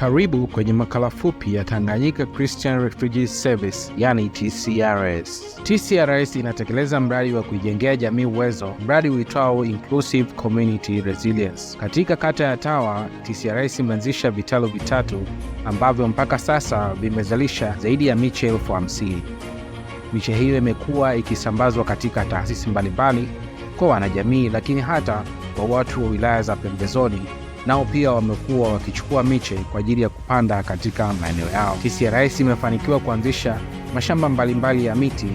Karibu kwenye makala fupi ya Tanganyika Christian Refugee Service, yani TCRS. TCRS inatekeleza mradi wa kuijengea jamii uwezo, mradi uitwao Inclusive Community Resilience. Katika kata ya Tawa, TCRS imeanzisha vitalu vitatu ambavyo mpaka sasa vimezalisha zaidi ya miche elfu hamsini. Miche hiyo imekuwa ikisambazwa katika taasisi mbalimbali kwa wanajamii, lakini hata kwa watu wa wilaya za pembezoni nao pia wamekuwa wakichukua miche kwa ajili ya kupanda katika maeneo yao. TCRS imefanikiwa kuanzisha mashamba mbalimbali ya miti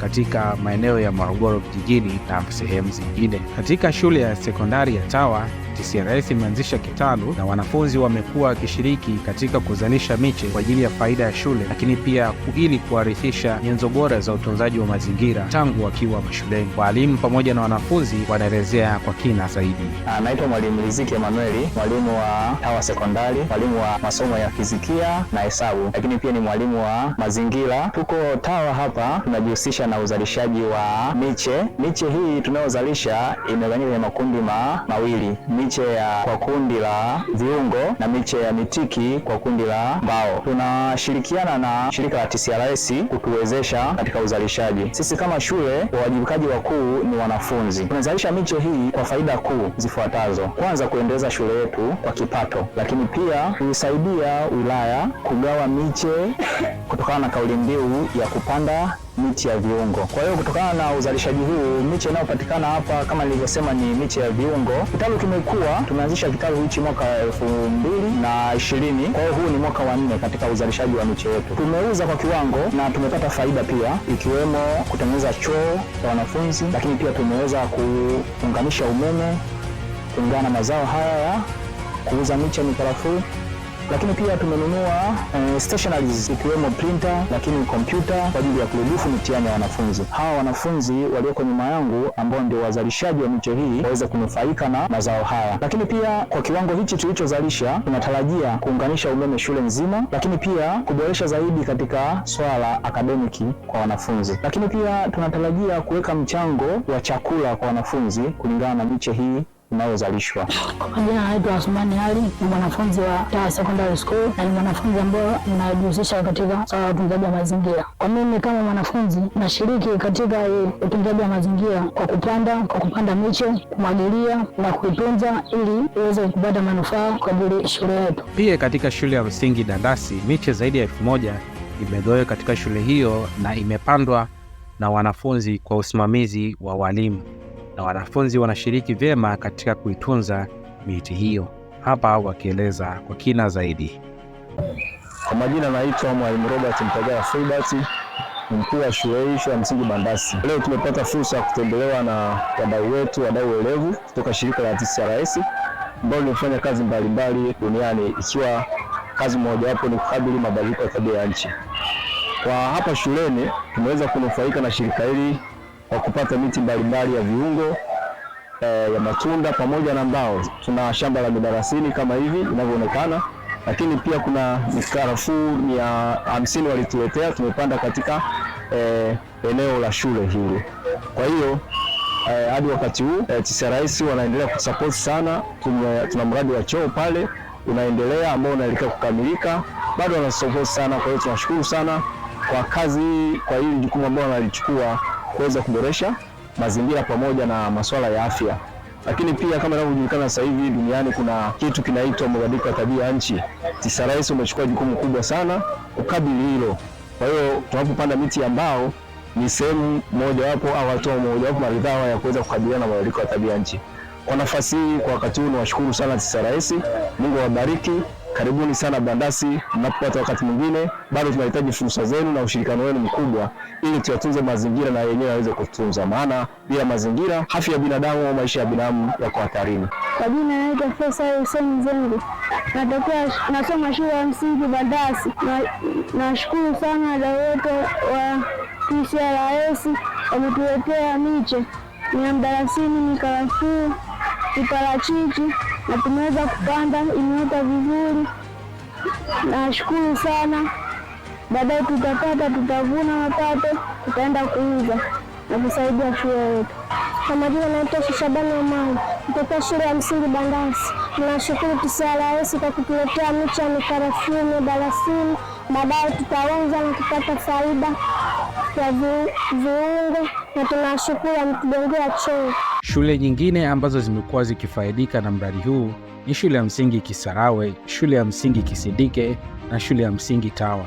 katika maeneo ya Morogoro vijijini na sehemu zingine. Katika shule ya sekondari ya Tawa TCRS imeanzisha kitalu na wanafunzi wamekuwa wakishiriki katika kuzalisha miche kwa ajili ya faida ya shule, lakini pia ili kuharithisha nyenzo bora za utunzaji wa mazingira tangu wakiwa mashuleni. waalimu pamoja na wanafunzi wanaelezea kwa kina zaidi. Anaitwa ah, Mwalimu Riziki Emanueli, mwalimu wa Tawa Sekondari, mwalimu wa masomo ya fizikia na hesabu, lakini pia ni mwalimu wa mazingira. Tuko Tawa hapa tunajihusisha na uzalishaji wa miche. Miche hii tunayozalisha imegawanyika kwenye makundi ma mawili miche miche ya kwa kundi la viungo na miche ya mitiki kwa kundi la mbao. Tunashirikiana na shirika la TCRS kutuwezesha katika uzalishaji. Sisi kama shule, wawajibikaji wakuu ni wanafunzi. Tunazalisha miche hii kwa faida kuu zifuatazo: kwanza, kuendeleza shule yetu kwa kipato, lakini pia kuisaidia wilaya kugawa miche kutokana na kauli mbiu ya kupanda miti ya viungo. Kwa hiyo kutokana na uzalishaji huu, miche inayopatikana hapa kama nilivyosema ni miche ya viungo. Kitalu kimekuwa, tumeanzisha kitalu hichi mwaka elfu mbili na ishirini. Kwa hiyo huu ni mwaka wa nne katika uzalishaji wa miche yetu. Tumeuza kwa kiwango na tumepata faida pia, ikiwemo kutengeneza choo cha wanafunzi, lakini pia tumeweza kuunganisha umeme kulingana na mazao haya ya kuuza miche mikarafuu lakini pia tumenunua e, stationaries ikiwemo printer, lakini kompyuta kwa ajili ya kurudufu mitihani ya wanafunzi hawa. Wanafunzi walioko nyuma yangu ambao ndio wazalishaji wa miche hii waweze kunufaika na mazao haya, lakini pia kwa kiwango hichi tulichozalisha tunatarajia kuunganisha umeme shule nzima, lakini pia kuboresha zaidi katika swala la akademiki kwa wanafunzi, lakini pia tunatarajia kuweka mchango wa chakula kwa wanafunzi kulingana na miche hii unaozalishwa. kwa jina naitwa Asmani Ali, ni mwanafunzi wa Taa Secondary School na ni mwanafunzi ambaye inajihusisha katika swala uh, la utunzaji wa mazingira. Kwa mimi kama mwanafunzi, nashiriki katika utunzaji wa mazingira kwa kupanda kwa kupanda miche, kumwagilia na kuitunza ili iweze kupata manufaa kwa ajili shule yetu. Pia katika shule ya msingi Dandasi, miche zaidi ya elfu moja imegawiwa katika shule hiyo na imepandwa na wanafunzi kwa usimamizi wa walimu na wanafunzi wanashiriki vyema katika kuitunza miti hiyo, hapa wakieleza kwa kina zaidi. Kwa majina naitwa Mwalimu Robert Mtagala Filbert, mkuu wa shule hii, shule ya msingi Bandasi. Leo tumepata fursa ya kutembelewa na wadau wetu, wadau welevu kutoka shirika la TCRS ambao limefanya kazi mbalimbali duniani, ikiwa kazi mojawapo ni kukabili mabadiliko ya tabia ya nchi. Kwa hapa shuleni tumeweza kunufaika na shirika hili wa kupata miti mbalimbali ya viungo eh, ya matunda pamoja na mbao. Tuna shamba la midarasini kama hivi inavyoonekana, lakini pia kuna mikarafuu mia hamsini walituletea, tumepanda katika eh, eneo la shule hili. Kwa hiyo eh, hadi wakati huu eh, TCRS wanaendelea kusupport sana. Tuna, tuna mradi wa choo pale unaendelea ambao unaelekea kukamilika, bado wanasupport sana. Kwa hiyo tunashukuru sana kwa kazi, kwa hili jukumu ambao wanalichukua kuweza kuboresha mazingira pamoja na masuala ya afya. Lakini pia kama inavyojulikana sasa hivi duniani kuna kitu kinaitwa mabadiliko ya tabia ya nchi. Sasa rais umechukua jukumu kubwa sana ukabili hilo. Kwa hiyo tunapopanda miti ya mbao ni sehemu mojawapo au hatua mojawapo maridhawa ya kuweza kukabiliana na mabadiliko ya tabia ya nchi. Kwa nafasi hii, kwa wakati huu, niwashukuru sana sasa rais, Mungu awabariki. Karibuni sana Bandasi, mnapopata wakati mwingine, bado tunahitaji fursa zenu na ushirikiano wenu mkubwa, ili tuyatunze mazingira na yenyewe yaweze kutunza, maana bila mazingira, afya ya binadamu au maisha ya binadamu yako hatarini. Kwa jina naitwa Profesa Hussein Zengo, natokea nasoma shule ya msingi Bandasi. Nashukuru na sana wadau wote wa TCRS wametuletea miche, mia mdalasini, mikarafuu, kiparachichi na tumeweza kupanda, imeota vizuri. Nashukuru sana. Baadaye tutapata, tutavuna mapato, tutaenda kuuza na kusaidia shule yetu. Kwa majina anaitwa Shabani Omari, mtoto shule ya msingi Bandasi. Tunashukuru TCRA kwa kutuletea miche ya mikarafuu darasini baadaye tutauza na kupata faida ya viungo na tunashukuru ametujengea choo. Shule nyingine ambazo zimekuwa zikifaidika na mradi huu ni shule ya msingi Kisarawe, shule ya msingi Kisindike na shule ya msingi Tawa.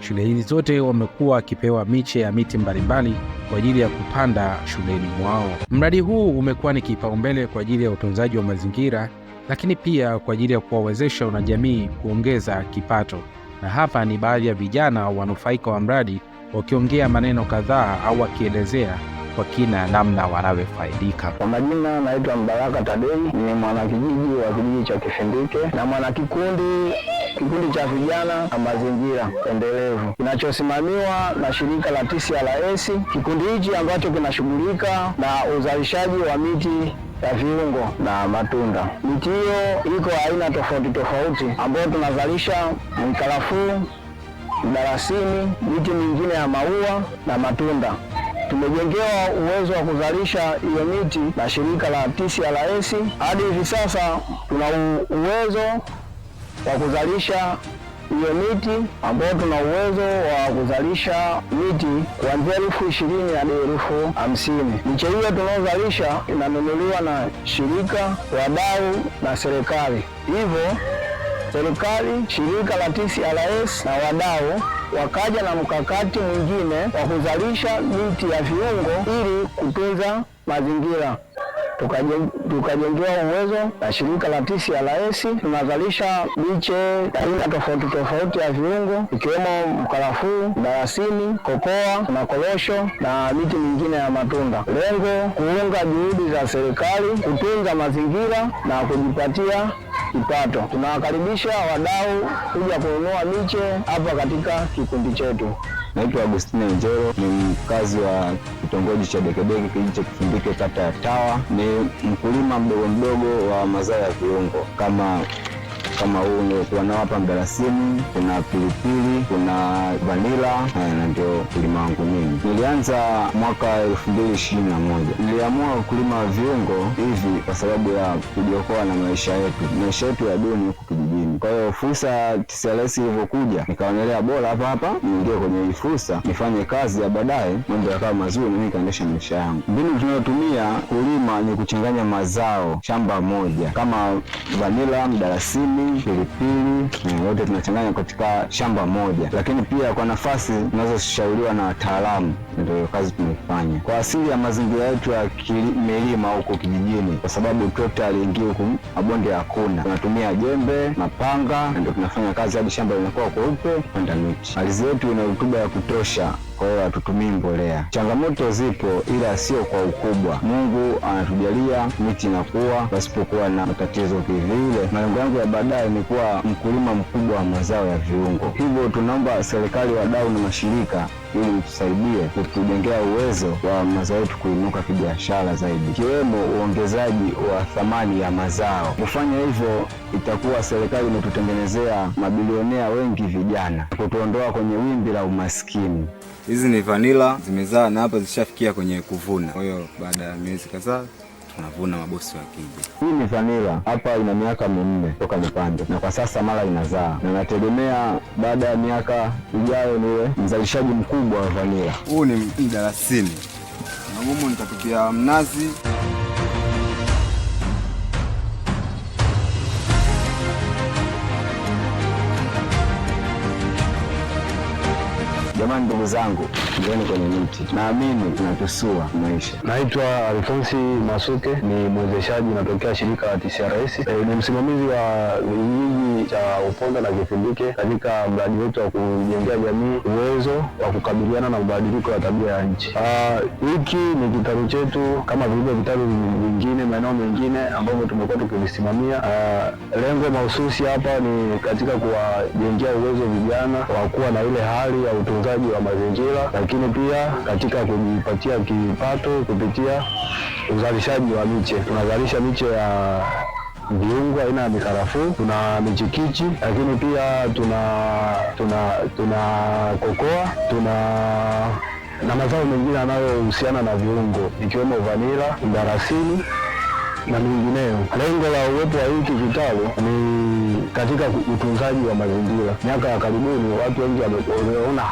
Shule hizi zote wamekuwa wakipewa miche ya miti mbalimbali kwa ajili ya kupanda shuleni mwao. Mradi huu umekuwa ni kipaumbele kwa ajili ya utunzaji wa mazingira, lakini pia kwa ajili ya kuwawezesha wanajamii kuongeza kipato, na hapa ni baadhi ya vijana wanufaika wa mradi wakiongea maneno kadhaa au wakielezea kwa kina namna wanavyofaidika. Kwa majina anaitwa Mbaraka Tadei, ni mwanakijiji wa kijiji cha Kifindike na mwanakikundi kikundi cha vijana na mazingira endelevu kinachosimamiwa na shirika la TCRS. Kikundi hichi ambacho kinashughulika na uzalishaji wa miti ya viungo na matunda. Miti hiyo iko aina tofauti tofauti, ambayo tunazalisha mikarafuu mdalasini, miti mingine ya maua na matunda. Tumejengewa uwezo wa kuzalisha hiyo miti na shirika la TCRS. Hadi hivi sasa tuna uwezo wa kuzalisha hiyo miti ambayo tuna uwezo wa kuzalisha miti kuanzia elfu ishirini hadi elfu hamsini. Miche hiyo tunaozalisha inanunuliwa na shirika, wadau na serikali, hivyo serikali, shirika la TCRS na wadau wakaja na mkakati mwingine wa kuzalisha miti ya viungo ili kutunza mazingira tukajengewa uwezo na shirika la TCRS. Tunazalisha miche aina tofauti tofauti ya viungo ikiwemo mkarafuu, darasini kokoa na korosho na miti mingine ya matunda. Lengo kuunga juhudi za serikali kutunza mazingira na kujipatia kipato. Tunawakaribisha wadau kuja kununua miche hapa katika kikundi chetu. Naitwa Agustine Njoro, ni mkazi wa kitongoji cha dekedeke kijiji cha Kifumbike, kata ya Tawa. Ni mkulima mdogo mdogo wa mazao ya viungo kama kama huu niliokuwa nao hapa mdalasini, kuna pilipili, kuna vanila na ndio kulima wangu mimi. Nilianza mwaka elfu mbili ishirini na moja. Niliamua kulima viungo hivi kwa sababu ya kujiokoa na maisha yetu, maisha yetu ya duni huku kijijini. Kwa hiyo fursa TCRS ilivyokuja, nikaonelea bora hapa hapa niingie kwenye hii fursa, nifanye kazi ya baadaye, mambo yakawa mazuri na mimi kaendesha maisha yangu. Mbinu tunayotumia kulima ni kuchanganya mazao shamba moja, kama vanila, mdalasini, pilipili yote tunachanganya katika shamba moja, lakini pia kwa nafasi tunazoshauriwa na wataalamu, ndio kazi tunaifanya kwa asili ya mazingira yetu ya milima huko kijijini, kwa sababu trekta aliingia huku, mabonde hakuna, tunatumia jembe mapa panga, ndio tunafanya kazi hadi shamba linakuwa kweupe kwenda miti. Ardhi yetu ina rutuba ya kutosha kwa hiyo hatutumii mbolea. Changamoto zipo, ila sio kwa ukubwa. Mungu anatujalia miti inakuwa pasipokuwa na matatizo kivile. Malengo yangu ya baadaye ni kuwa mkulima mkubwa wa mazao ya viungo, hivyo tunaomba serikali, wadau na mashirika ili mtusaidie kutujengea uwezo wa mazao yetu kuinuka kibiashara zaidi, ikiwemo uongezaji wa thamani ya mazao. Kufanya hivyo, itakuwa serikali imetutengenezea mabilionea wengi vijana, kutuondoa kwenye wimbi la umaskini. Hizi ni vanila zimezaa na hapa zishafikia kwenye kuvuna. Kwa hiyo baada ya miezi kadhaa tunavuna mabosi wakija. Hii ni vanila hapa, ina miaka minne toka nipande, na kwa sasa mara inazaa, na nategemea baada ya miaka ijayo niwe mzalishaji mkubwa wa vanila. Huu ni mdalasini na humu nitatupia mnazi. Jamani, ndugu zangu, njoni kwenye miti, naamini tunatusua maisha. Naitwa Alfonsi Masuke, ni mwezeshaji, natokea shirika la TCRS. E, ni msimamizi wa vijiji cha Uponda na Kifindike katika mradi wetu wa kujengea jamii uwezo wa kukabiliana na mabadiliko ya tabia ya nchi. Hiki ni kitabu chetu kama vilivyo vitabu vingine maeneo mengine ambavyo tumekuwa tukivisimamia. Lengo mahususi hapa ni katika kuwajengea uwezo vijana wa kuwa na ile hali ya utu utunzaji wa mazingira, lakini pia katika kujipatia kipato kupitia uzalishaji wa miche. Tunazalisha miche ya viungo aina ya mikarafuu, tuna michikichi, lakini pia tuna tuna tuna kokoa, tuna na mazao mengine yanayohusiana na viungo ikiwemo vanila, mdarasini na mingineyo. Lengo la uwepo wa hiki kitalu ni katika utunzaji wa mazingira. Miaka ya karibuni watu wengi wameona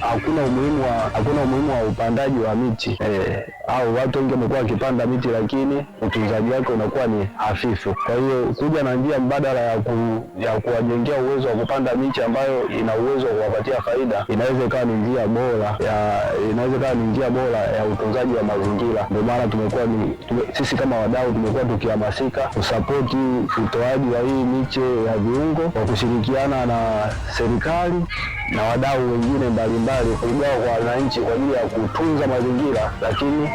hakuna umuhimu wa hakuna umuhimu wa upandaji wa miti eh, au watu wengi wamekuwa wakipanda miti lakini utunzaji wake unakuwa ni hafifu. Kwa hiyo kuja na njia mbadala ya, ku, ya kuwajengea uwezo wa kupanda miti ambayo ina uwezo wa kuwapatia faida inaweza ikawa ni njia bora ya inaweza ikawa ni njia bora ya utunzaji wa mazingira. Ndio maana tumekuwa ni tume, sisi kama wadau tumekuwa tukihamasika kusapoti utoaji wa hii miche ya viungo kwa kushirikiana na serikali na wadau wengine mbalimbali, kugawa kwa wananchi kwa ajili ya kutunza mazingira, lakini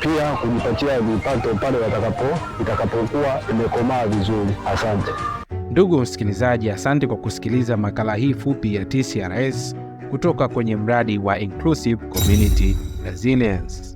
pia kujipatia vipato pale watakapo itakapokuwa imekomaa vizuri. Asante ndugu msikilizaji, asante kwa kusikiliza makala hii fupi ya TCRS kutoka kwenye mradi wa Inclusive Community Resilience.